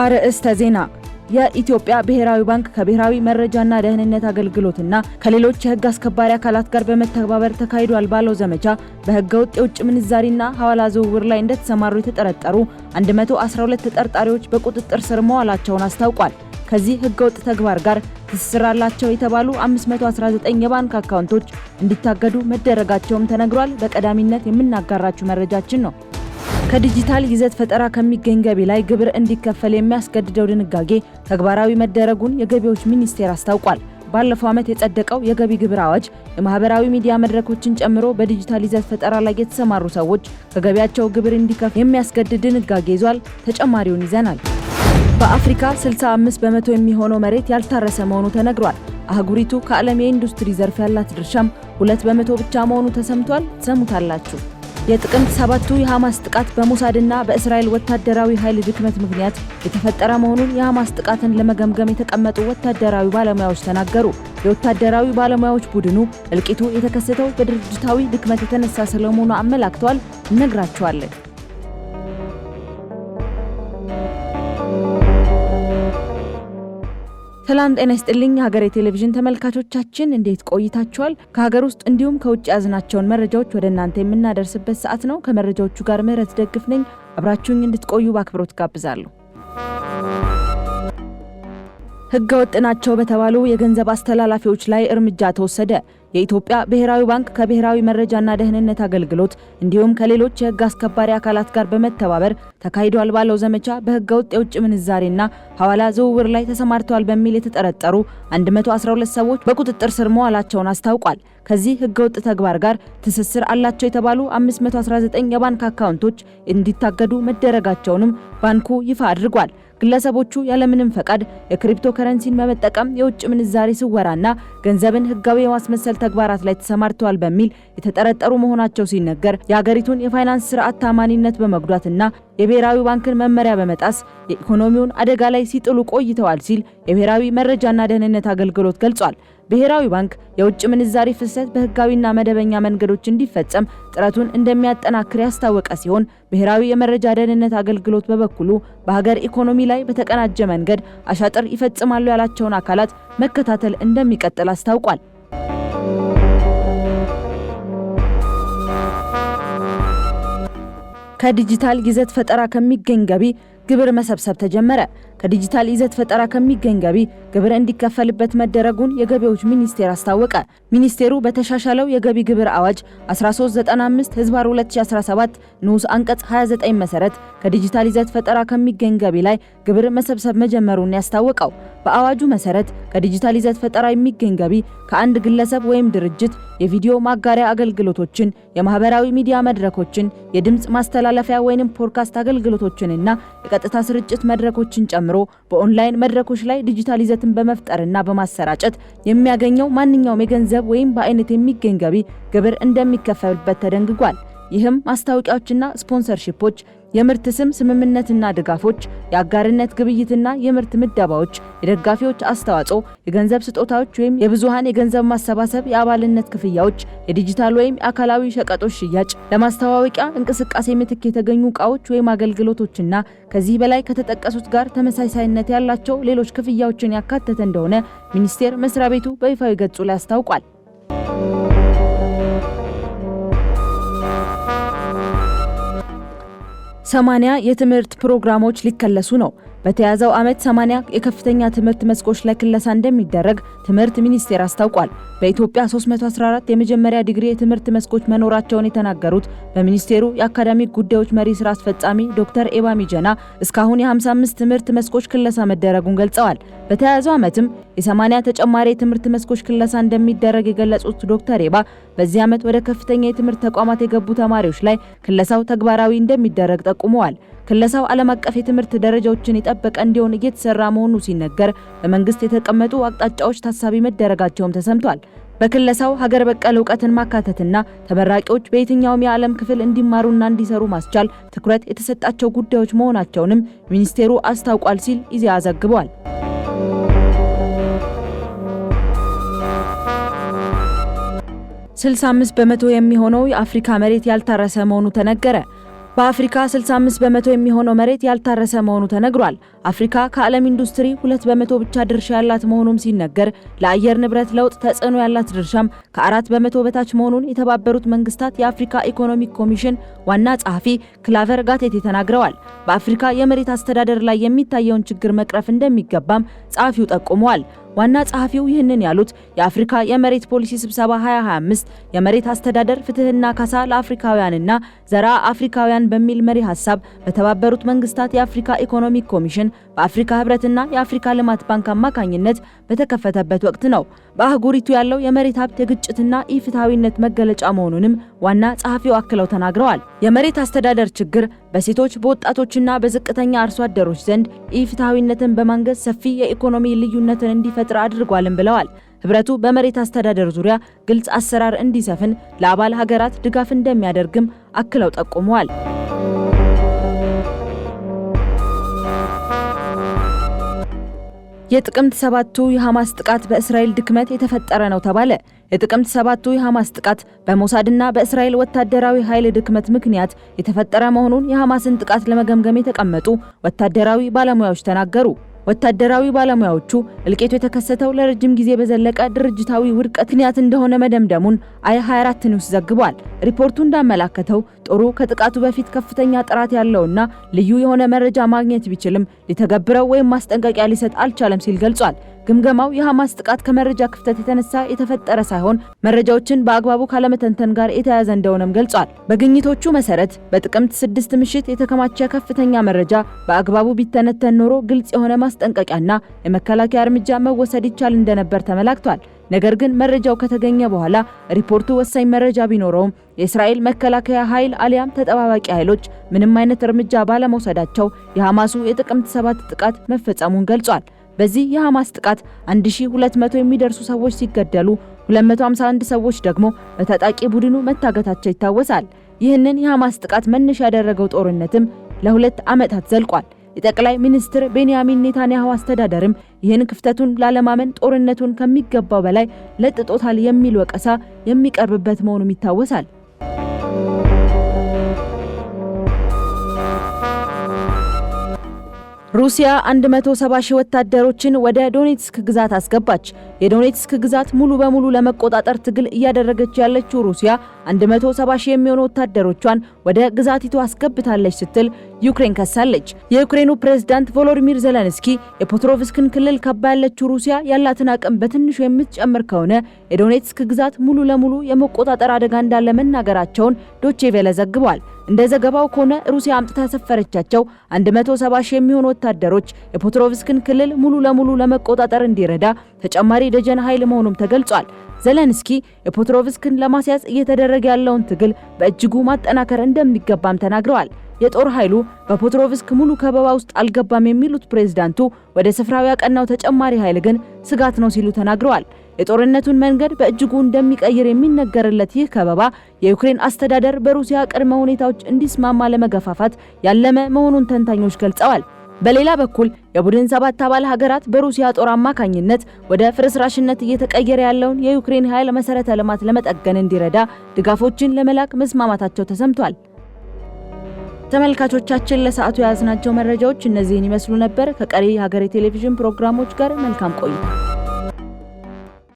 አርዕስተ ዜና የኢትዮጵያ ብሔራዊ ባንክ ከብሔራዊ መረጃና ደህንነት አገልግሎትና ከሌሎች የህግ አስከባሪ አካላት ጋር በመተባበር ተካሂዷል ባለው ዘመቻ በህገ ወጥ የውጭ ምንዛሪና ሐዋላ ዝውውር ላይ እንደተሰማሩ የተጠረጠሩ 112 ተጠርጣሪዎች በቁጥጥር ስር መዋላቸውን አስታውቋል። ከዚህ ህገ ወጥ ተግባር ጋር ትስስር አላቸው የተባሉ 519 የባንክ አካውንቶች እንዲታገዱ መደረጋቸውም ተነግሯል። በቀዳሚነት የምናጋራችሁ መረጃችን ነው። ከዲጂታል ይዘት ፈጠራ ከሚገኝ ገቢ ላይ ግብር እንዲከፈል የሚያስገድደው ድንጋጌ ተግባራዊ መደረጉን የገቢዎች ሚኒስቴር አስታውቋል። ባለፈው ዓመት የጸደቀው የገቢ ግብር አዋጅ የማህበራዊ ሚዲያ መድረኮችን ጨምሮ በዲጂታል ይዘት ፈጠራ ላይ የተሰማሩ ሰዎች ከገቢያቸው ግብር እንዲከፍል የሚያስገድድ ድንጋጌ ይዟል። ተጨማሪውን ይዘናል። በአፍሪካ 65 በመቶ የሚሆነው መሬት ያልታረሰ መሆኑ ተነግሯል። አህጉሪቱ ከዓለም የኢንዱስትሪ ዘርፍ ያላት ድርሻም ሁለት በመቶ ብቻ መሆኑ ተሰምቷል። ሰሙታላችሁ የጥቅምት ሰባቱ የሐማስ ጥቃት በሞሳድና በእስራኤል ወታደራዊ ኃይል ድክመት ምክንያት የተፈጠረ መሆኑን የሐማስ ጥቃትን ለመገምገም የተቀመጡ ወታደራዊ ባለሙያዎች ተናገሩ። የወታደራዊ ባለሙያዎች ቡድኑ እልቂቱ የተከሰተው በድርጅታዊ ድክመት የተነሳ ስለመሆኑ አመላክተዋል። እነግራቸዋለን። ሰላም ጤና ይስጥልኝ ሀገሬ ቴሌቪዥን ተመልካቾቻችን እንዴት ቆይታችኋል? ከሀገር ውስጥ እንዲሁም ከውጭ ያዝናቸውን መረጃዎች ወደ እናንተ የምናደርስበት ሰዓት ነው። ከመረጃዎቹ ጋር ምህረት ደግፍ ነኝ። አብራችሁኝ እንድትቆዩ በአክብሮት ጋብዛለሁ። ህገወጥ ናቸው በተባሉ የገንዘብ አስተላላፊዎች ላይ እርምጃ ተወሰደ። የኢትዮጵያ ብሔራዊ ባንክ ከብሔራዊ መረጃና ደህንነት አገልግሎት እንዲሁም ከሌሎች የህግ አስከባሪ አካላት ጋር በመተባበር ተካሂዷል ባለው ዘመቻ በህገወጥ የውጭ ምንዛሬና ሐዋላ ዝውውር ላይ ተሰማርተዋል በሚል የተጠረጠሩ 112 ሰዎች በቁጥጥር ስር መዋላቸውን አስታውቋል። ከዚህ ህገወጥ ተግባር ጋር ትስስር አላቸው የተባሉ 519 የባንክ አካውንቶች እንዲታገዱ መደረጋቸውንም ባንኩ ይፋ አድርጓል። ግለሰቦቹ ያለምንም ፈቃድ የክሪፕቶ ከረንሲን በመጠቀም የውጭ ምንዛሬ ስወራና ገንዘብን ህጋዊ የማስመሰል ተግባራት ላይ ተሰማርተዋል በሚል የተጠረጠሩ መሆናቸው ሲነገር የሀገሪቱን የፋይናንስ ስርዓት ታማኒነት በመጉዳትና የብሔራዊ ባንክን መመሪያ በመጣስ የኢኮኖሚውን አደጋ ላይ ሲጥሉ ቆይተዋል ሲል የብሔራዊ መረጃና ደህንነት አገልግሎት ገልጿል። ብሔራዊ ባንክ የውጭ ምንዛሪ ፍሰት በህጋዊና መደበኛ መንገዶች እንዲፈጸም ጥረቱን እንደሚያጠናክር ያስታወቀ ሲሆን ብሔራዊ የመረጃ ደህንነት አገልግሎት በበኩሉ በሀገር ኢኮኖሚ ላይ በተቀናጀ መንገድ አሻጥር ይፈጽማሉ ያላቸውን አካላት መከታተል እንደሚቀጥል አስታውቋል። ከዲጂታል ይዘት ፈጠራ ከሚገኝ ገቢ ግብር መሰብሰብ ተጀመረ። ከዲጂታል ይዘት ፈጠራ ከሚገኝ ገቢ ግብር እንዲከፈልበት መደረጉን የገቢዎች ሚኒስቴር አስታወቀ። ሚኒስቴሩ በተሻሻለው የገቢ ግብር አዋጅ 1395 ህዝባር 2017 ንዑስ አንቀጽ 29 መሰረት ከዲጂታል ይዘት ፈጠራ ከሚገኝ ገቢ ላይ ግብር መሰብሰብ መጀመሩን ያስታወቀው በአዋጁ መሰረት ከዲጂታል ይዘት ፈጠራ የሚገኝ ገቢ ከአንድ ግለሰብ ወይም ድርጅት የቪዲዮ ማጋሪያ አገልግሎቶችን፣ የማህበራዊ ሚዲያ መድረኮችን፣ የድምፅ ማስተላለፊያ ወይም ፖድካስት አገልግሎቶችንና የቀጥታ ስርጭት መድረኮችን ጨምሮ በኦንላይን መድረኮች ላይ ዲጂታል ይዘትን በመፍጠርና በማሰራጨት የሚያገኘው ማንኛውም የገንዘብ ወይም በአይነት የሚገኝ ገቢ ግብር እንደሚከፈልበት ተደንግጓል። ይህም ማስታወቂያዎችና ስፖንሰርሺፖች የምርት ስም ስምምነትና ድጋፎች፣ የአጋርነት ግብይትና የምርት ምደባዎች፣ የደጋፊዎች አስተዋጽኦ፣ የገንዘብ ስጦታዎች ወይም የብዙሃን የገንዘብ ማሰባሰብ፣ የአባልነት ክፍያዎች፣ የዲጂታል ወይም የአካላዊ ሸቀጦች ሽያጭ፣ ለማስተዋወቂያ እንቅስቃሴ ምትክ የተገኙ ዕቃዎች ወይም አገልግሎቶችና ከዚህ በላይ ከተጠቀሱት ጋር ተመሳሳይነት ያላቸው ሌሎች ክፍያዎችን ያካተተ እንደሆነ ሚኒስቴር መስሪያ ቤቱ በይፋዊ ገጹ ላይ አስታውቋል። 80 የትምህርት ፕሮግራሞች ሊከለሱ ነው። በተያዘው ዓመት 80 የከፍተኛ ትምህርት መስኮች ላይ ክለሳ እንደሚደረግ ትምህርት ሚኒስቴር አስታውቋል። በኢትዮጵያ 314 የመጀመሪያ ዲግሪ የትምህርት መስኮች መኖራቸውን የተናገሩት በሚኒስቴሩ የአካዳሚክ ጉዳዮች መሪ ስራ አስፈጻሚ ዶክተር ኤባ ሚጀና እስካሁን የ55 ትምህርት መስኮች ክለሳ መደረጉን ገልጸዋል። በተያያዘው ዓመትም የ80 ተጨማሪ የትምህርት መስኮች ክለሳ እንደሚደረግ የገለጹት ዶክተር ኤባ በዚህ ዓመት ወደ ከፍተኛ የትምህርት ተቋማት የገቡ ተማሪዎች ላይ ክለሳው ተግባራዊ እንደሚደረግ ጠቁመዋል። ክለሳው ዓለም አቀፍ የትምህርት ደረጃዎችን የጠበቀ እንዲሆን እየተሰራ መሆኑ ሲነገር በመንግስት የተቀመጡ አቅጣጫዎች ታሳቢ መደረጋቸውም ተሰምቷል። በክለሳው ሀገር በቀል እውቀትን ማካተትና ተመራቂዎች በየትኛውም የዓለም ክፍል እንዲማሩና እንዲሰሩ ማስቻል ትኩረት የተሰጣቸው ጉዳዮች መሆናቸውንም ሚኒስቴሩ አስታውቋል ሲል ኢዜአ ዘግቧል። ስልሳ አምስት በመቶ የሚሆነው የአፍሪካ መሬት ያልታረሰ መሆኑ ተነገረ። በአፍሪካ 65 በመቶ የሚሆነው መሬት ያልታረሰ መሆኑ ተነግሯል። አፍሪካ ከዓለም ኢንዱስትሪ ሁለት በመቶ ብቻ ድርሻ ያላት መሆኑም ሲነገር ለአየር ንብረት ለውጥ ተጽዕኖ ያላት ድርሻም ከአራት በመቶ በታች መሆኑን የተባበሩት መንግስታት የአፍሪካ ኢኮኖሚክ ኮሚሽን ዋና ጸሐፊ ክላቨር ጋቴቴ ተናግረዋል። በአፍሪካ የመሬት አስተዳደር ላይ የሚታየውን ችግር መቅረፍ እንደሚገባም ጸሐፊው ጠቁመዋል። ዋና ጸሐፊው ይህንን ያሉት የአፍሪካ የመሬት ፖሊሲ ስብሰባ 2025 የመሬት አስተዳደር ፍትህና ካሳ ለአፍሪካውያንና ዘራ አፍሪካውያን በሚል መሪ ሀሳብ በተባበሩት መንግስታት የአፍሪካ ኢኮኖሚክ ኮሚሽን በአፍሪካ ህብረትና የአፍሪካ ልማት ባንክ አማካኝነት በተከፈተበት ወቅት ነው። በአህጉሪቱ ያለው የመሬት ሀብት የግጭትና ኢፍትሐዊነት መገለጫ መሆኑንም ዋና ጸሐፊው አክለው ተናግረዋል። የመሬት አስተዳደር ችግር በሴቶች በወጣቶችና በዝቅተኛ አርሶ አደሮች ዘንድ ኢፍትሐዊነትን በማንገዝ ሰፊ የኢኮኖሚ ልዩነትን እንዲፈ እንዲፈጥር አድርጓልም ብለዋል። ህብረቱ በመሬት አስተዳደር ዙሪያ ግልጽ አሰራር እንዲሰፍን ለአባል ሀገራት ድጋፍ እንደሚያደርግም አክለው ጠቁመዋል። የጥቅምት ሰባቱ የሐማስ ጥቃት በእስራኤል ድክመት የተፈጠረ ነው ተባለ። የጥቅምት ሰባቱ የሐማስ ጥቃት በሞሳድና በእስራኤል ወታደራዊ ኃይል ድክመት ምክንያት የተፈጠረ መሆኑን የሐማስን ጥቃት ለመገምገም የተቀመጡ ወታደራዊ ባለሙያዎች ተናገሩ። ወታደራዊ ባለሙያዎቹ እልቂቱ የተከሰተው ለረጅም ጊዜ በዘለቀ ድርጅታዊ ውድቀት ምክንያት እንደሆነ መደምደሙን አይ 24 ኒውስ ዘግቧል። ሪፖርቱ እንዳመላከተው ጦሩ ከጥቃቱ በፊት ከፍተኛ ጥራት ያለውና ልዩ የሆነ መረጃ ማግኘት ቢችልም ሊተገብረው ወይም ማስጠንቀቂያ ሊሰጥ አልቻለም ሲል ገልጿል። ግምገማው የሐማስ ጥቃት ከመረጃ ክፍተት የተነሳ የተፈጠረ ሳይሆን መረጃዎችን በአግባቡ ካለመተንተን ጋር የተያያዘ እንደሆነም ገልጿል። በግኝቶቹ መሰረት በጥቅምት ስድስት ምሽት የተከማቸ ከፍተኛ መረጃ በአግባቡ ቢተነተን ኖሮ ግልጽ የሆነ ማስጠንቀቂያና የመከላከያ እርምጃ መወሰድ ይቻል እንደነበር ተመላክቷል። ነገር ግን መረጃው ከተገኘ በኋላ ሪፖርቱ ወሳኝ መረጃ ቢኖረውም የእስራኤል መከላከያ ኃይል አሊያም ተጠባባቂ ኃይሎች ምንም አይነት እርምጃ ባለመውሰዳቸው የሐማሱ የጥቅምት ሰባት ጥቃት መፈጸሙን ገልጿል። በዚህ የሐማስ ጥቃት 1200 የሚደርሱ ሰዎች ሲገደሉ 251 ሰዎች ደግሞ በታጣቂ ቡድኑ መታገታቸው ይታወሳል። ይህንን የሐማስ ጥቃት መነሻ ያደረገው ጦርነትም ለሁለት ዓመታት ዘልቋል። የጠቅላይ ሚኒስትር ቤንያሚን ኔታንያሁ አስተዳደርም ይህን ክፍተቱን ላለማመን ጦርነቱን ከሚገባው በላይ ለጥጦታል የሚል ወቀሳ የሚቀርብበት መሆኑም ይታወሳል። ሩሲያ 170 ሺህ ወታደሮችን ወደ ዶኔትስክ ግዛት አስገባች። የዶኔትስክ ግዛት ሙሉ በሙሉ ለመቆጣጠር ትግል እያደረገች ያለችው ሩሲያ 170 ሺህ የሚሆኑ ወታደሮቿን ወደ ግዛቲቱ አስገብታለች ስትል ዩክሬን ከሳለች። የዩክሬኑ ፕሬዝዳንት ቮሎዲሚር ዘለንስኪ የፖትሮቭስክን ክልል ከባ ያለችው ሩሲያ ያላትን አቅም በትንሹ የምትጨምር ከሆነ የዶኔትስክ ግዛት ሙሉ ለሙሉ የመቆጣጠር አደጋ እንዳለ መናገራቸውን ዶቼ ቬለ ዘግቧል። እንደ ዘገባው ከሆነ ሩሲያ አምጥታ ያሰፈረቻቸው 170 ሺህ የሚሆኑ ወታደሮች የፖትሮቭስክን ክልል ሙሉ ለሙሉ ለመቆጣጠር እንዲረዳ ተጨማሪ ደጀን ኃይል መሆኑም ተገልጿል። ዘለንስኪ የፖትሮቭስክን ለማስያዝ እየተደረገ ያለውን ትግል በእጅጉ ማጠናከር እንደሚገባም ተናግረዋል። የጦር ኃይሉ በፖትሮቭስክ ሙሉ ከበባ ውስጥ አልገባም የሚሉት ፕሬዝዳንቱ ወደ ስፍራው ያቀናው ተጨማሪ ኃይል ግን ስጋት ነው ሲሉ ተናግረዋል። የጦርነቱን መንገድ በእጅጉ እንደሚቀይር የሚነገርለት ይህ ከበባ የዩክሬን አስተዳደር በሩሲያ ቅድመ ሁኔታዎች እንዲስማማ ለመገፋፋት ያለመ መሆኑን ተንታኞች ገልጸዋል። በሌላ በኩል የቡድን ሰባት አባል ሀገራት በሩሲያ ጦር አማካኝነት ወደ ፍርስራሽነት እየተቀየረ ያለውን የዩክሬን ኃይል መሰረተ ልማት ለመጠገን እንዲረዳ ድጋፎችን ለመላክ መስማማታቸው ተሰምቷል። ተመልካቾቻችን ለሰዓቱ የያዝናቸው መረጃዎች እነዚህን ይመስሉ ነበር። ከቀሪ የሀገሬ ቴሌቪዥን ፕሮግራሞች ጋር መልካም ቆዩ።